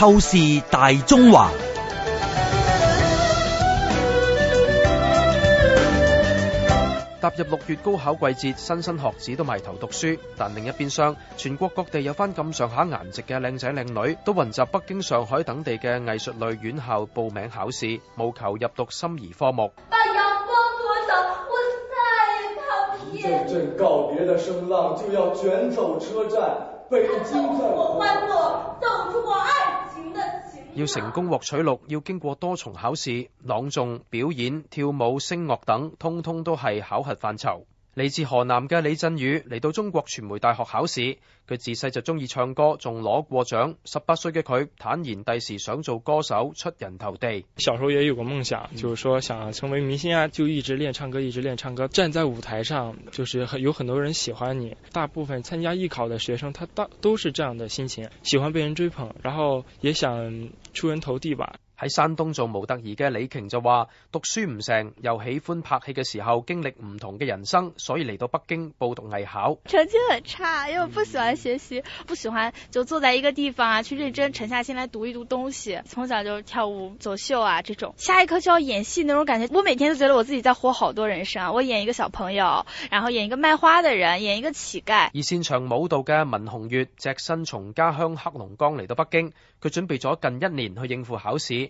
透視大中華。踏入六月高考季節，新生莘莘學子都埋頭讀書，但另一邊廂，全國各地有返咁上下顏值嘅靚仔靚女，都雲集北京、上海等地嘅藝術類院校報名考試，務求入讀心儀科目。白日光光，就我太討厭。即將告別的聲浪就要捲走車站，北京在我歡樂，等着我愛。要成功獲取錄，要經過多重考試，朗誦、表演、跳舞、聲樂等，通通都係考核範疇。嚟自河南嘅李振宇嚟到中國傳媒大學考試，佢自細就中意唱歌，仲攞過獎。十八歲嘅佢坦言第時想做歌手出人頭地。小時候也有個夢想，就是說想成為明星啊，就一直練唱歌，一直練唱歌。站在舞台上，就是有很多人喜歡你。大部分參加藝考嘅學生，他都都是這樣的心情，喜歡被人追捧，然後也想出人頭地吧。喺山東做模特兒嘅李瓊就話：讀書唔成，又喜歡拍戲嘅時候經歷唔同嘅人生，所以嚟到北京報讀藝考。成績很差，因為我不喜歡學習，不喜歡就坐在一個地方啊，去認真沉下心來讀一讀東西。從小就跳舞、走秀啊，這種下一刻就要演戲，那種感覺，我每天都覺得我自己在活好多人生。我演一個小朋友，然後演一個賣花的人，演一個乞丐。而擅長舞蹈嘅文紅月，隻身從家鄉黑龍江嚟到北京，佢準備咗近一年去應付考試。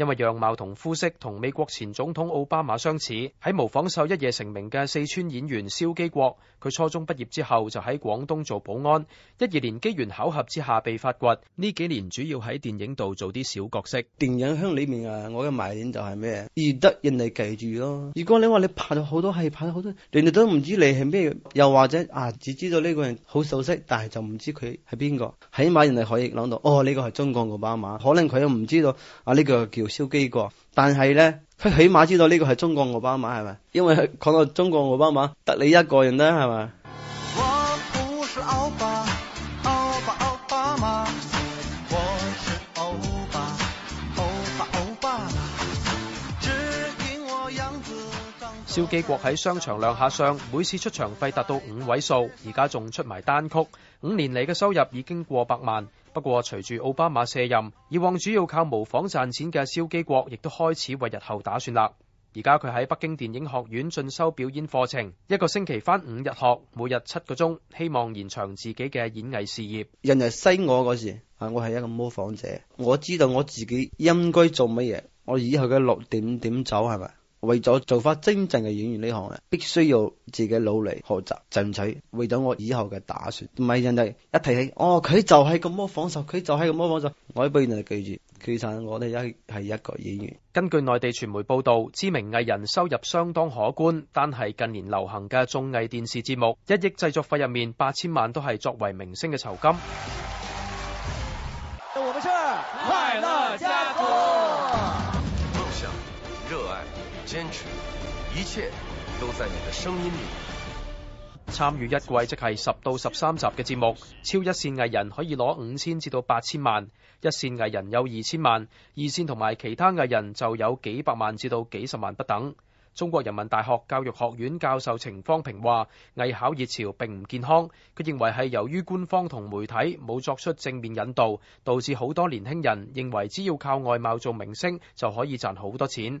因為樣貌同膚色同美國前總統奧巴馬相似，喺模仿秀一夜成名嘅四川演員肖基國，佢初中畢業之後就喺廣東做保安，一二年機緣巧合之下被發掘。呢幾年主要喺電影度做啲小角色。電影鄉裏面啊，我嘅賣點就係咩？易得人哋記住咯、啊。如果你話你拍咗好多戲，拍咗好多，人哋都唔知你係咩，又或者啊，只知道呢個人好熟悉，但係就唔知佢係邊個。起碼人哋可以諗到，哦，呢、這個係中國奧巴馬。可能佢又唔知道啊，呢、這個叫。肖基國，但係呢，佢起碼知道呢個係中國奧巴馬係咪？因為講到中國奧巴馬，得你一個人呢，係咪？我不是奧巴奧巴奧巴馬，我是歐巴歐巴歐巴，只因我樣子。肖基國喺商場亮下相，每次出場費達到五位數，而家仲出埋單曲，五年嚟嘅收入已經過百萬。不過隨住奧巴馬卸任，以往主要靠模仿賺錢嘅肖基國，亦都開始為日後打算啦。而家佢喺北京電影學院進修表演課程，一個星期返五日學，每日七個鐘，希望延長自己嘅演藝事業。人係西我嗰時，啊，我係一個模仿者，我知道我自己應該做乜嘢，我以後嘅路點點走係咪？為咗做翻真正嘅演員呢行，必須要自己努力學習爭取。為咗我以後嘅打算，唔係人哋一提起，哦，佢就係咁樣仿效，佢就係咁樣仿效。我喺邊度？記住，其實我哋一係一個演員。根據內地傳媒報道，知名藝人收入相當可觀，但係近年流行嘅綜藝電視節目，一億製作費入面，八千萬都係作為明星嘅酬金。參與一季即係十到十三集嘅節目，超一線藝人可以攞五千至到八千萬，一線藝人有二千萬，二線同埋其他藝人就有幾百萬至到幾十萬不等。中國人民大學教育學院教授程方平話：藝考熱潮並唔健康，佢認為係由於官方同媒體冇作出正面引導，導致好多年輕人認為只要靠外貌做明星就可以賺好多錢。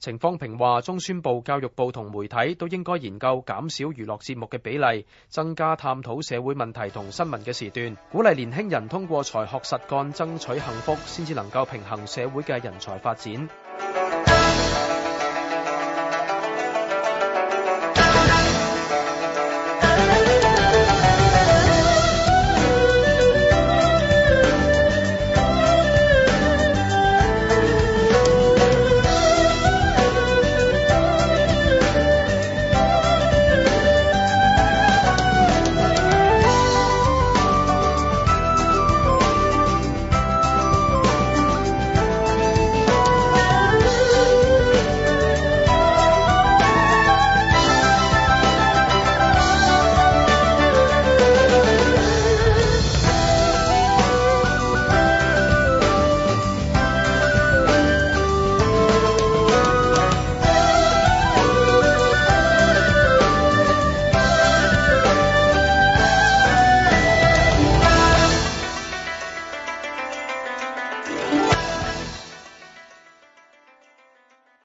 程方平話，中宣部、教育部同媒體都應該研究減少娛樂節目嘅比例，增加探討社會問題同新聞嘅時段，鼓勵年輕人通過才學實幹爭取幸福，先至能夠平衡社會嘅人才發展。